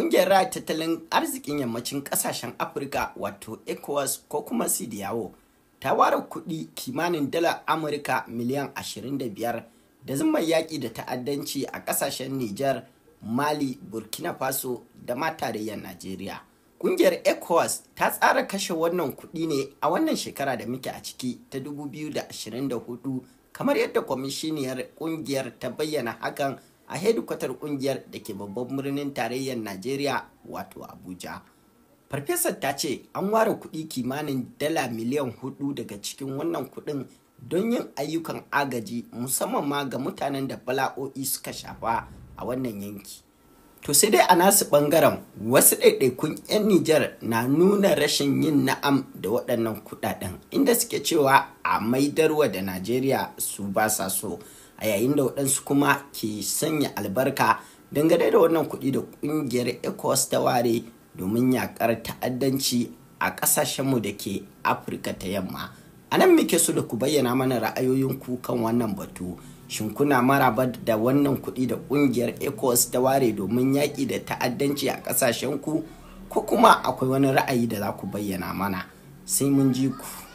Ƙungiyar raya tattalin arzikin yammacin ƙasashen Afirka wato ECOWAS ko kuma CDAO ta ware kuɗi kimanin dalar Amurka miliyan 25 da zumar yaƙi da ta'addanci a ƙasashen Nijar, Mali, Burkina Faso da ma tarayyar Najeriya. Ƙungiyar ECOWAS ta tsara kashe wannan kuɗi ne a wannan shekara da muke a ciki ta 2024 kamar yadda kwamishiniyar ƙungiyar ta bayyana hakan a hedikwatar kungiyar da ke babban birnin tarayyar Najeriya wato Abuja. Farfesar ta ce an ware kuɗi kimanin dala miliyan hudu daga cikin wannan kuɗin don yin ayyukan agaji musamman ma ga mutanen da bala'o'i suka shafa a wannan yanki. To sai dai a nasu ɓangaren wasu ɗaiɗaikun 'yan Nijar na nuna rashin yin na'am da waɗannan kuɗaɗen inda suke cewa a maidarwa da Najeriya su ba sa so. a yayin da waɗansu kuma ke sanya albarka dangane da wannan kuɗi da ƙungiyar ecos ta ware domin yaƙar ta'addanci a ƙasashenmu da ke afirka ta yamma a nan muke so da ku bayyana mana ra'ayoyinku kan wannan batu shin kuna maraba da wannan kuɗi da ƙungiyar ecos ta ware domin yaƙi da ta'addanci a ku, ko kuma akwai wani ra'ayi da za ku bayyana mana sai mun ji ku